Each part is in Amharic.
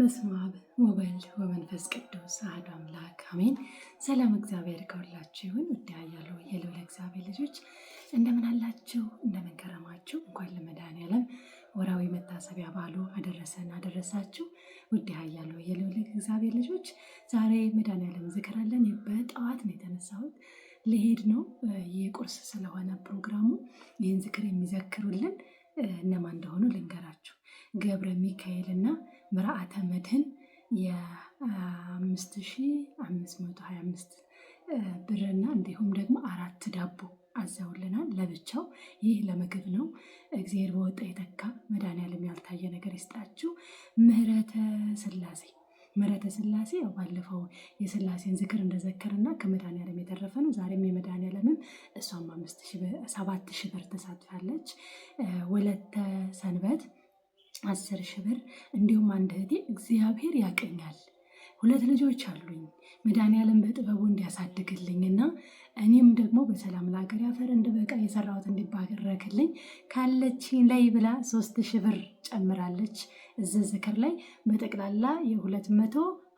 በስመ አብ ወወልድ ወመንፈስ ቅዱስ አሐዱ አምላክ አሜን። ሰላም እግዚአብሔር ከሁላችሁ ይሁን። ውድ ያያሉ የልዑል እግዚአብሔር ልጆች እንደምን አላችሁ? እንደምን ከረማችሁ? እንኳን ለመድኃኔዓለም ወርሃዊ መታሰቢያ በዓሉ አደረሰን አደረሳችሁ። ውድ ያያሉ የልዑል እግዚአብሔር ልጆች ዛሬ መድኃኔዓለም ዝክራለን። በጠዋት ነው የተነሳሁት ልሄድ ነው። ይህ ቁርስ ስለሆነ ፕሮግራሙ ይህን ዝክር የሚዘክሩልን እነማን እንደሆኑ ልንገራችሁ። ገብረ ሚካኤል እና ምርአተ መድህን የ5525 ብርና እንዲሁም ደግሞ አራት ዳቦ አዘውልናል ለብቻው። ይህ ለምግብ ነው። እግዚአብሔር በወጣ የተካ መድኃኒዓለም ያልታየ ነገር ይስጣችሁ። ምህረተ ስላሴ ምህረተ ስላሴ ያው ባለፈው የስላሴን ዝክር እንደዘከርና ከመድኃኒዓለም የተረፈ ነው። ዛሬም የመድኃኒዓለምን እሷም ሰባት ሺህ ብር ተሳትፋለች። ወለተ ሰንበት አስር ሺህ ብር እንዲሁም አንድ እህቴ እግዚአብሔር ያቀኛል ሁለት ልጆች አሉኝ መድኃኒዓለም በጥበቡ እንዲያሳድግልኝ እና እኔም ደግሞ በሰላም ለሀገር ያፈር እንድበቃ የሰራሁት እንዲባረክልኝ ካለች ላይ ብላ ሶስት ሺህ ብር ጨምራለች። እዚህ ዝክር ላይ በጠቅላላ የሁለት መቶ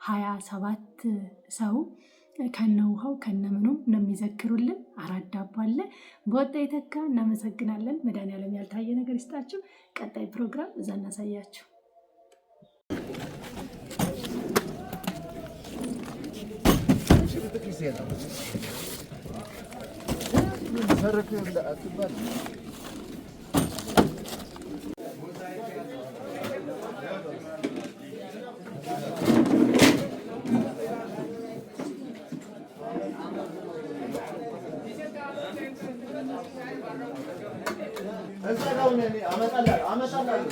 ሀያ ሰባት ሰው ከነ ውሃው ከነ ምኑም ነው የሚዘክሩልን። አራት ዳቦ አለ በወጣ የተካ። እናመሰግናለን። መድኃኒዓለም ያልታየ ነገር ይስጣችሁ። ቀጣይ ፕሮግራም እዛ እናሳያችሁ። ቤተክርስቲያን አመጣላለሁ አመጣላለሁ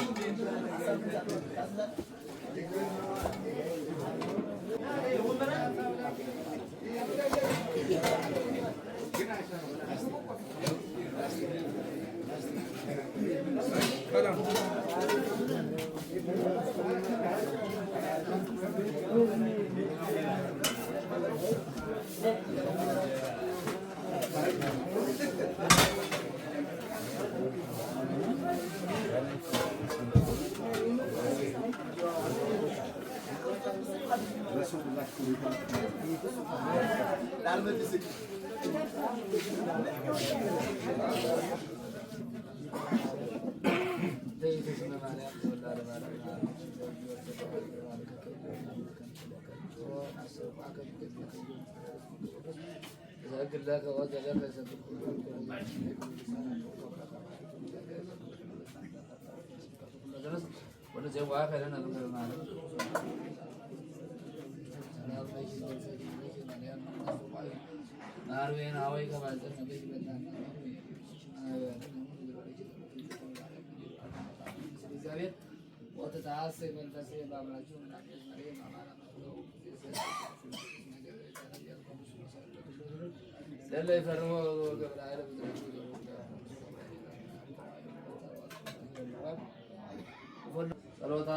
ወደዚያ ዋፈ ለና నలభై నాలుగు వేల యాభై కాబట్టి ఒక తాసే మంత్రి బాబు సెల్లై ఫర్మ సర్వతా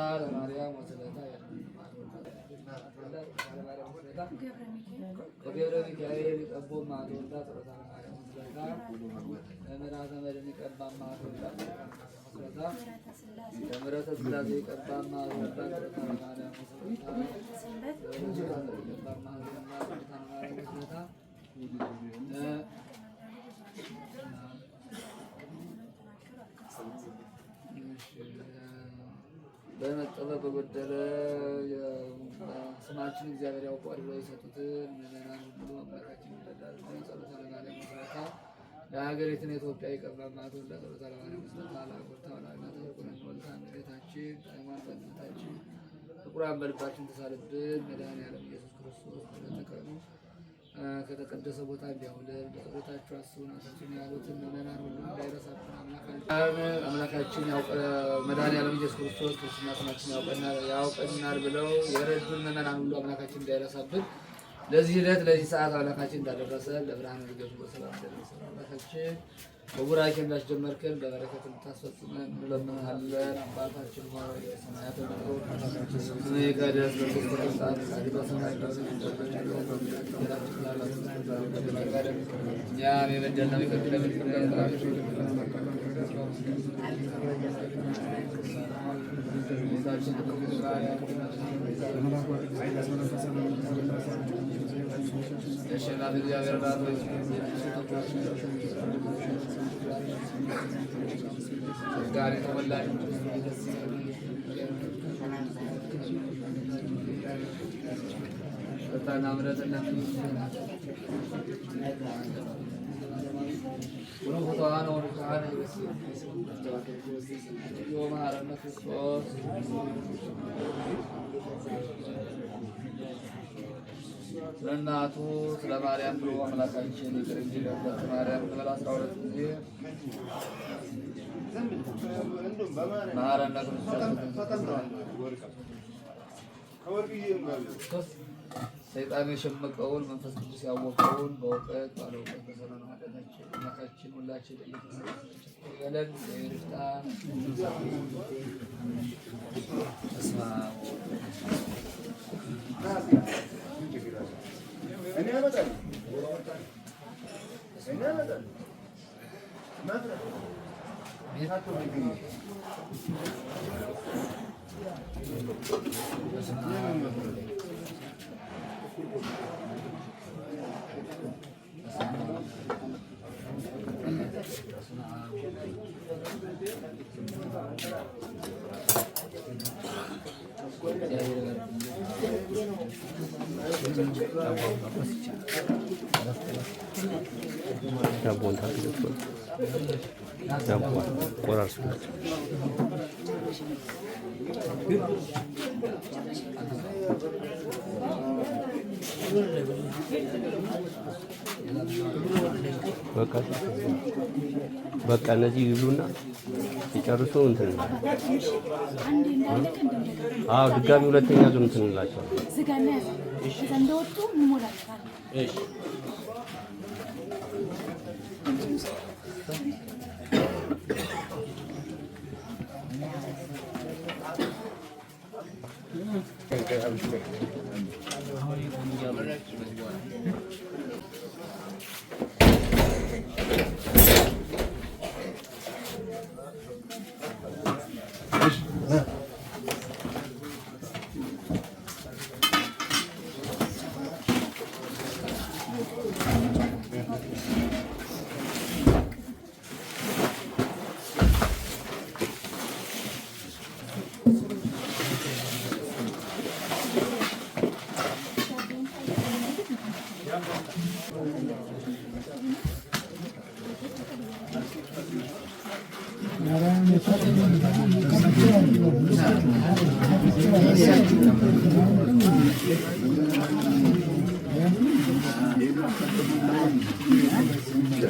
ገብረ ሚካኤል የሚቀቦ ማቶ ወልዳ ጸሎታ ለምራ ዘመድ የሚቀባ ማቶ ወልዳ ለምረተ ስላሴ የሚቀባ ማቶ ወልዳ ጸሎታ በመጠበቅ በጎደለ ስማችን እግዚአብሔር ያውቋል ብለው የሰጡትን ምዕመናን ሁሉ አምላካችን ይረዳል። ጸሎተ ለማርያም ምስረታ ለሀገሪቱን ኢትዮጵያ ይቀባማቱ ለጸሎተ ለማርያም ምስረታ ለአጎርታ ወላነት ቁንን ወልታ መሬታችን ሃይማኖት በእምነታችን ጥቁራን በልባችን ተሳልብን መድኃኔ ኢየሱስ ክርስቶስ በለተቀኑ ከተቀደሰ ቦታ እንዲያውለን በጸሎታችሁ አስቡን። አታችን ያሉትን ምእመናን ሁሉ እንዳይረሳብን አምላካችን መድኃኔዓለም ኢየሱስ ክርስቶስ ክርስትና ስማችን ያውቀናል ብለው የረዱን ምእመናን ሁሉ አምላካችን እንዳይረሳብን ለዚህ ዕለት ለዚህ ሰዓት አምላካችን እንዳደረሰ ለብርሃን ልገቱ በሰላም ደረሰ አምላካችን በቡራኬ እንዳስጀመርከን በበረከት እንድታስፈጽመን እንለምንሃለን። አባታችን ሆይ ሰማያት እኛም የበደልነው ይቅር দেশের রাজনীতির রাত হয়েছে গাড়ি মোবাইল فتانا امرتنا ስለ ስለ ማርያም ብሎ አምላካችን ይቅር ማርያም አስራ ሁለት ጊዜ ማረነ ሰይጣን የሸመቀውን መንፈስ ቅዱስ ያወቀውን በእውቀት ባለውቀት በሰላም ኃጢአታችን እናታችን ሁላችን እየተሰለን انا بدل انا بدل ماذا هاتوا بالجنيه Thank you. ዳቦን ታግዘት ዳቦን ቆራርሱላቸው። በቃ እነዚህ ይብሉና 빗자루 쏘면 되는 거야. 아, ድጋሚ ሁለተኛ ዙር እንትን እንላቸው። እሺ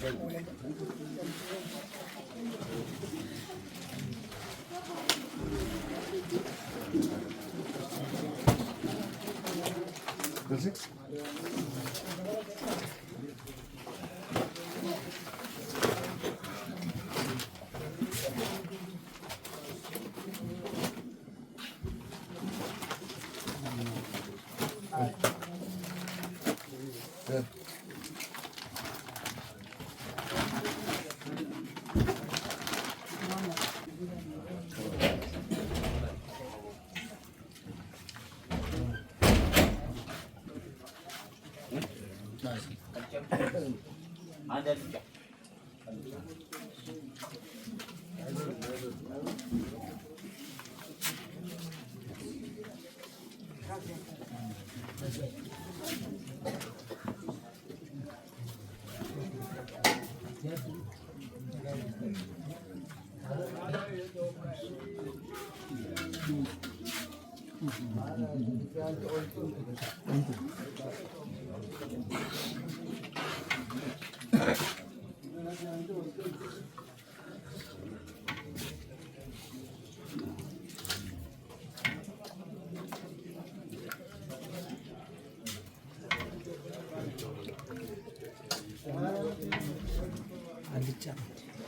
Gracias. あ、じゃあ、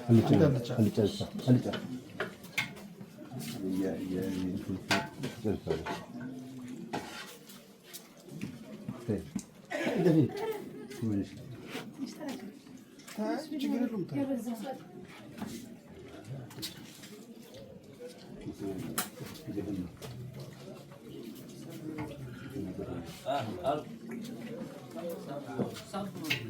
Halitcan. Halitcan. Halitcan. Halitcan. Yeah, yeah, yeah. Hey. David. Who is it? Так, чигрелум так. Ah, al. Sabun.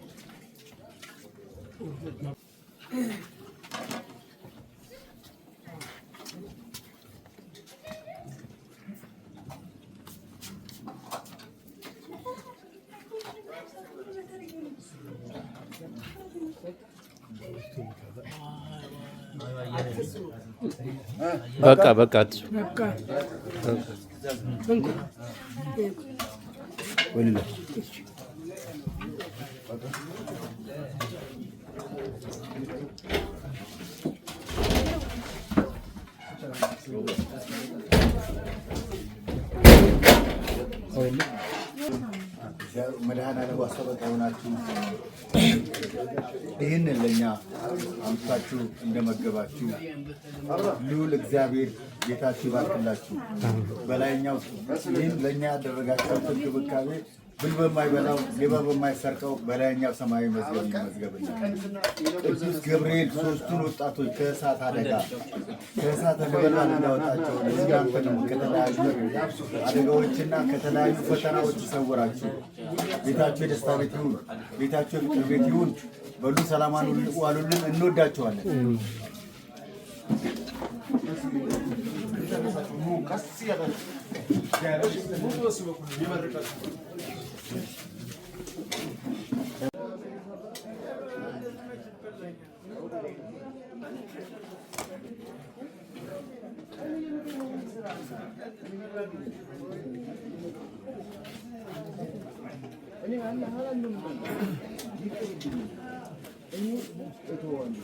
በቃ በቃ አይደለም መድኃኔዓለም አስተበቃ የሆናችሁ ይህንን ለእኛ አምጥታችሁ እንደመገባችሁ ልዑል እግዚአብሔር ጌታችሁ ይባርክላችሁ። በላይኛው ይህን ለእኛ ያደረጋችሁ እንክብካቤ ብል በማይበላው ሌባ በማይሰርቀው በላይኛው ሰማያዊ መዝገብ ይመዝገብልን። ቅዱስ ገብርኤል ሶስቱን ወጣቶች ከእሳት አደጋ ከእሳት አደጋ እንዳወጣቸው እዚህ አንተንም ከተለያዩ አደጋዎችና ከተለያዩ ፈተናዎች ይሰውራችሁ። ቤታችሁ የደስታ ቤት ይሁን፣ ቤታችሁ የፍቅር ቤት ይሁን። በሉ ሰላም ዋሉልን። እንወዳችኋለን። እኔ አለ አላለም ይቀርብኝ እኔ እተዋለሁ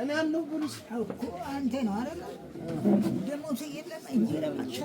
እናለሁ ፖሊስ እኮ አንተ ነው አይደል? ደግሞ የለም እንጀራ ብቻ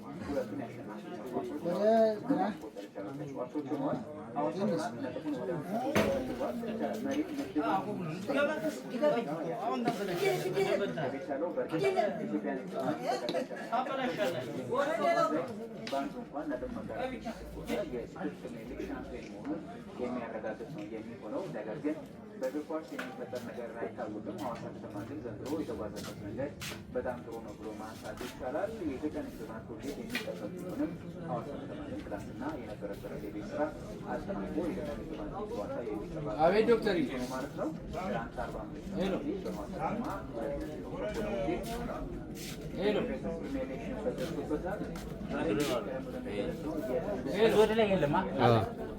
Böyle günah. Değil misin? Thank you. በእግር ኳስ የሚፈጠር ነገር አይታወቅም። ሐዋሳ ከተማ ግን ዘንድሮ የተጓዘበት መንገድ በጣም ጥሩ ነው ብሎ ማንሳት ይቻላል። የኢትዮጵያ ንግድ ባንክ ውጤት የሚጠበቅ ቢሆንም ሐዋሳ ከተማ ግን ትላንትና የነበረበት የቤት ስራ አጠናቆ የኢትዮጵያ ንግድ ባንክ ማለት ነው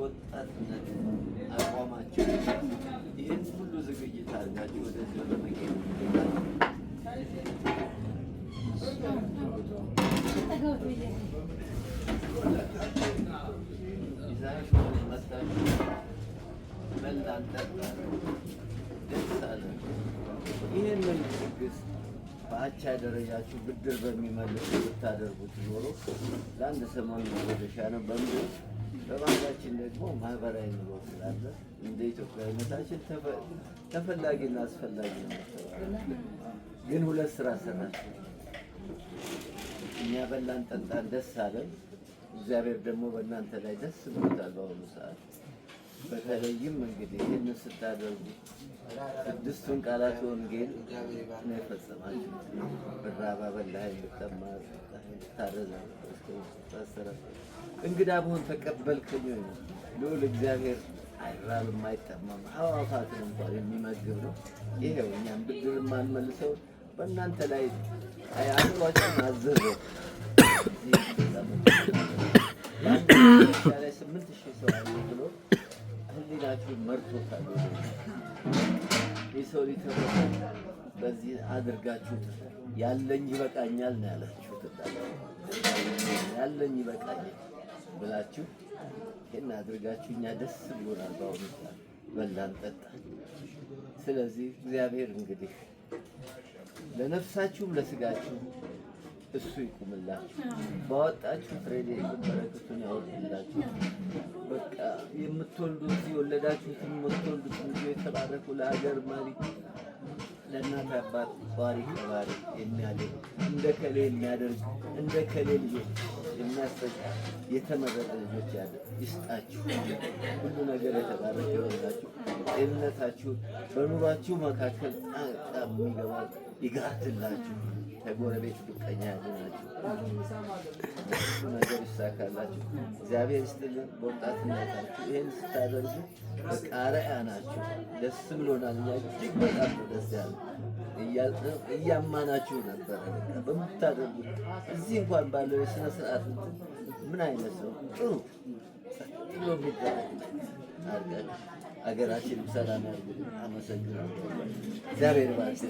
ወጣትነት አቋማቸው ይህን ሁሉ ዝግጅት አድርጋችሁ ወደዚህ በመገኘት ይዛችሁን መታችሁ ይህንን ድግስ በአቻ ደረጃችሁ ብድር በሚመልሱ ብታደርጉት ኖሮ ለአንድ ሰሞን ወደ ነው በምድር በባህላችን ደግሞ ማህበራዊ ኑሮ ስላለ እንደ ኢትዮጵያዊነታችን ተፈላጊና አስፈላጊ ነው። ግን ሁለት ስራ ሰራች። እኛ በላን ጠጣን፣ ደስ አለን። እግዚአብሔር ደግሞ በእናንተ ላይ ደስ ብሎታል በአሁኑ ሰዓት በተለይም እንግዲህ ይህን ስታደርጉ ስድስቱን ቃላት ወንጌል ነው የፈጸማችሁ። ብራብ አበላኸኝ፣ ብጠማ ታረዘ፣ እንግዳ ብሆን ተቀበልከኝ። ልዑል እግዚአብሔር አይራብ የማይጠማም ሐዋፋትን እንኳን የሚመግብ ነው። ይሄው እኛም ብድር የማንመልሰው በእናንተ ላይ አእምሯችን አዘዘ። ያለ ስምንት ሺህ ሰው ፈጣሪያችን መርቶታል። የሰው ልጅ በዚህ አድርጋችሁ ያለኝ ይበቃኛል ነው ያላችሁት። ያለኝ ይበቃኛል ብላችሁ ይህን አድርጋችሁ እኛ ደስ ብሎናል። በአሁኑ ሰዓት በላን ጠጣን። ስለዚህ እግዚአብሔር እንግዲህ ለነፍሳችሁም ለስጋችሁም እሱ ይቁምላችሁ። ባወጣችሁ ፍሬ በረከቱን ያወርድላችሁ። በቃ የምትወልዱት የወለዳችሁት የምትወልዱት ልጆ የተባረኩ ለሀገር መሪ ለእናት አባት ባሪ ባሪ የሚያደርግ እንደ ከሌ የሚያደርግ እንደ ከሌ ልጆች የሚያስጠቃ የተመረጠ ልጆች ያለ ይስጣችሁ። ሁሉ ነገር የተባረከ ይሆንላችሁ። ጤንነታችሁ በኑሯችሁ መካከል ጣም የሚገባ ይጋርድላችሁ። ከጎረቤት ብቀኛ ያገኛችሁ ነገር ይሳካላችሁ። እግዚአብሔር ይስጥልን። በወጣትነታችሁ ይህን ስታደርጉ በቃረያ ናችሁ። ደስ ብሎናል። እኛ እጅግ በጣም ደስ ያለ እያማናችሁ ነበረ። በምታደርጉት እዚህ እንኳን ባለው የሥነ ሥርዓት ምን አይነት ነው ጥሩ ብሎ የሚደረግ አድርጋችሁ አገራችን ሰላም ያድርግ። አመሰግናለሁ። እግዚአብሔር ይባርክ።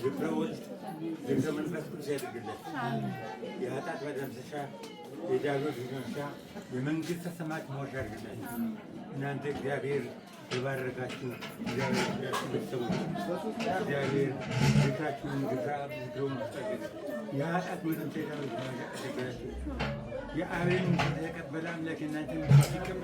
ግብረ ወልድ ግብረ መንፈስ እናንተ እግዚአብሔር የባረካችሁ እግዚአብሔር እግዚአብሔር ቤታችሁን ግብረ ግብረውን ያጠት የአብን የተቀበለ አምላክ እናንተ ምትጠቅም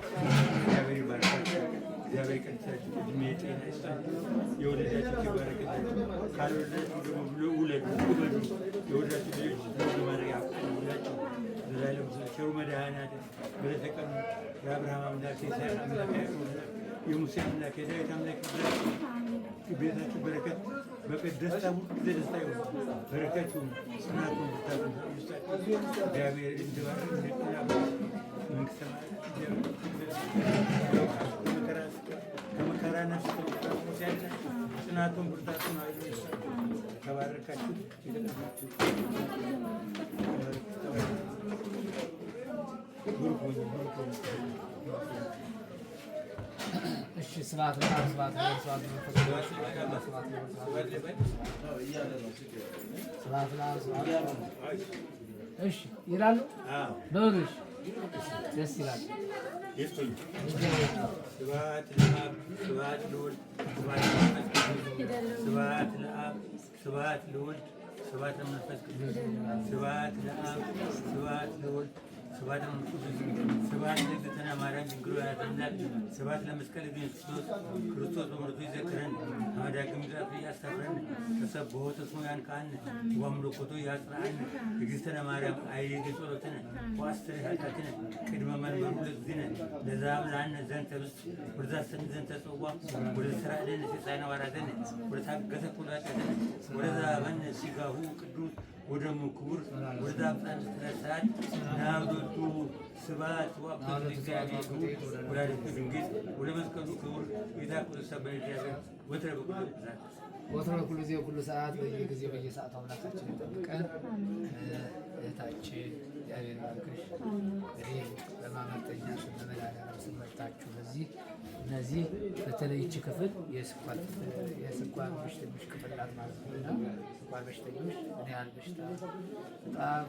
እግዚአብሔር ይባርካችሁ። እግዚአብሔር ቀድሳችሁ እድሜ ጤና ይስጣችሁ። የወለዳችሁ ይባረክላችሁ። ካልወለዳችሁ ደግሞ ብሎ ውለዱ፣ ውበዱ። የወለዳችሁ ልጆች ብዙ ማድረግ ያቃሉላችሁ። ዘላለም ቸሩ መድኃኔዓለም በለተቀኑ የአብርሃም አምላክ የይስሐቅ አምላክ የሙሴ አምላክ የዳዊት አምላክ ይብላችሁ። ቤታችሁ በረከት ደስታ ሁልጊዜ ደስታ ይሆን በረከቱ ጽናቱ እግዚአብሔር እንድባረክ ከመከራ ነፍስ ጽናቱን ብርታቱን ተባረካችሁ የተጠማችሁ ቡርኮኝ ቡርኮኝ እሺ ስብሐት ለአብ ስብሐት እሺ ይላሉ በሉ። እሺ ደስ ይላል። ስብሐት ለአብ ስብሐት ለወልድ ስብሐት ለአብ ስብሐት ለወልድ ስብሐት ለመንፈስ ቅዱስ ስብሐት ለአብ ስብሐት ለወልድ ስብሐት ለመንኩ ስብሐት ለእግዝእትነ ማርያም ድንግል ወላዲተ አምላክ ስብሐት ለመስቀል ኢየሱስ ክርስቶስ በምሕረቱ ይዘክረን ከመዳግም ግዛቱ እያሰረን ተሰብሖ ተስሞ ያንቃን ወአምልኮቱ ያጽናን እግዝእትነ ማርያም አይጌ ጸሎትነ ወአስተሪ ኃጢአትነ ቅድመ መንበሩ ለእግዝእነ ለዘአምላነ ዘንተ ኅብስት ወለዘአስተኒ ዘንተ ጽዋ ወለዘተራእደነ ሰይጣነ ወአራዘነ ወለታገሰ ኩሉ ኃጢአትነ ወለዘሀበነ ሥጋሁ ቅዱስ ወደሙ ክቡር ወዳፈን ስለሳል ናብቱ ስብሐት ወአብን እግዚአብሔር ወላዲቱ ድንግል ክቡር ጌታ ወትረ ወትረ በኩሉ ጊዜ ሁሉ ሰዓት በየጊዜ በየሰዓቱ አምላካችን ይጠብቀን። እህታችን እግዚአብሔር ይባርክሽ። እንግዲህ በማመልጠኛ በመዳዳራ ስመርታችሁ በዚህ እነዚህ በተለይ ይህች ክፍል የስኳር የስኳር በሽተኞች ክፍል ናት ማለት ነው እና ስኳር በሽተኞች ምን ያህል በሽታ በጣም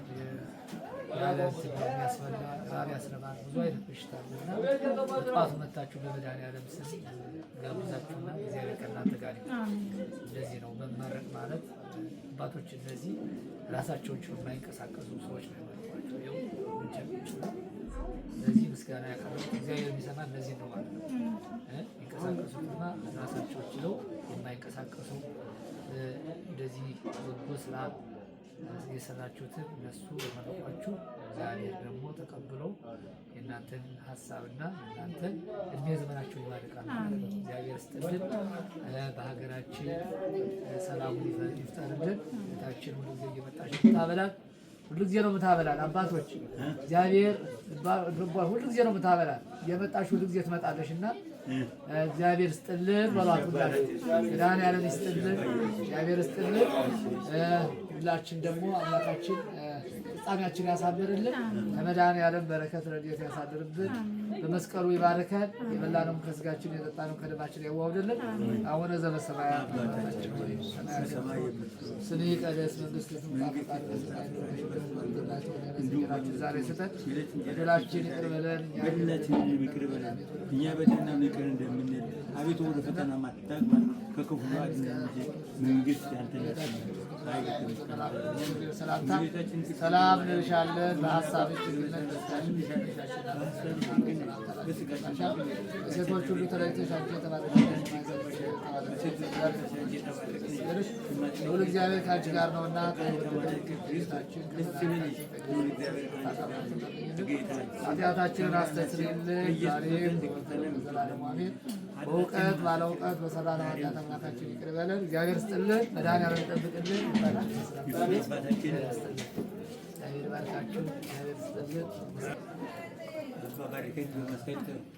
ያለ የሚያስፈላ ራብ ያስረባል፣ ብዙ አይነት በሽታ አለና ጠዋት መታችሁ በመድኃኒዓለም ስም ጋብዛችሁና እግዚአብሔር ከእናንተ ጋር እንደዚህ ነው መመረቅ ማለት። አባቶች እነዚህ ራሳቸውን ችሎ የማይንቀሳቀሱ ሰዎች ነው ያመልኳቸው እነዚህ ምስጋና ያቀረቡ እግዚአብሔር የሚሰማ እነዚህ ነው ማለት ነው። የሚንቀሳቀሱትና ራሳቸው ችለው የማይንቀሳቀሱ እንደዚህ በጎ ስራ የሰራችሁትን እነሱ የመረቋችሁ ዛሬ ደግሞ ተቀብለው የእናንተን ሀሳብና እናንተን እድሜ ዘመናችሁ ይባርካል። እግዚአብሔር ስጥልን፣ በሀገራችን ሰላሙ ይፍጠርልን። ቤታችን ሁሉ ጊዜ እየመጣች ምታበላል፣ ሁሉ ጊዜ ነው ምታበላል። አባቶች እግዚአብሔር ሁሉ ጊዜ ነው ምታበላል። እየመጣች ሁሉ ጊዜ ትመጣለሽ እና እግዚአብሔር ስጥልን በሏት። ሁላችሁ ዳን ያለን ስጥልን፣ እግዚአብሔር ስጥልን ሁላችን ደግሞ አምላካችን ፍጻሜያችን ያሳምርልን፣ ከመድኃኔዓለም በረከት ረድኤት ያሳድርብን፣ በመስቀሉ ይባርከን፣ የበላነው ከስጋችን የጠጣነው ከደማችን ያዋውድልን። አቡነ ዘበሰማያት ስምህ ይቀደስ፣ መንግስትህ ዛሬ ስጠን፣ በደላችን ይቅር በለን እኛ በደልና ይቅር እንደምንል አቤቱ ወደ ፈተና ማታግባን ከክፉ መንግስት ሰላም እንልሻለን። በሀሳብሽ ሴቶች ሁሉ ተለይተሽ ሁሉ እግዚአብሔር ከአንቺ ጋር ነውና ኃጢአታችንን አስተስርይልን በእውቀት ባለ እውቀት በሰራነው ኃጢአት አምላካችን ይቅር በለን። እግዚአብሔር ስጥልን፣ መድኃኒዓለም ይጠብቅልን። ይባላል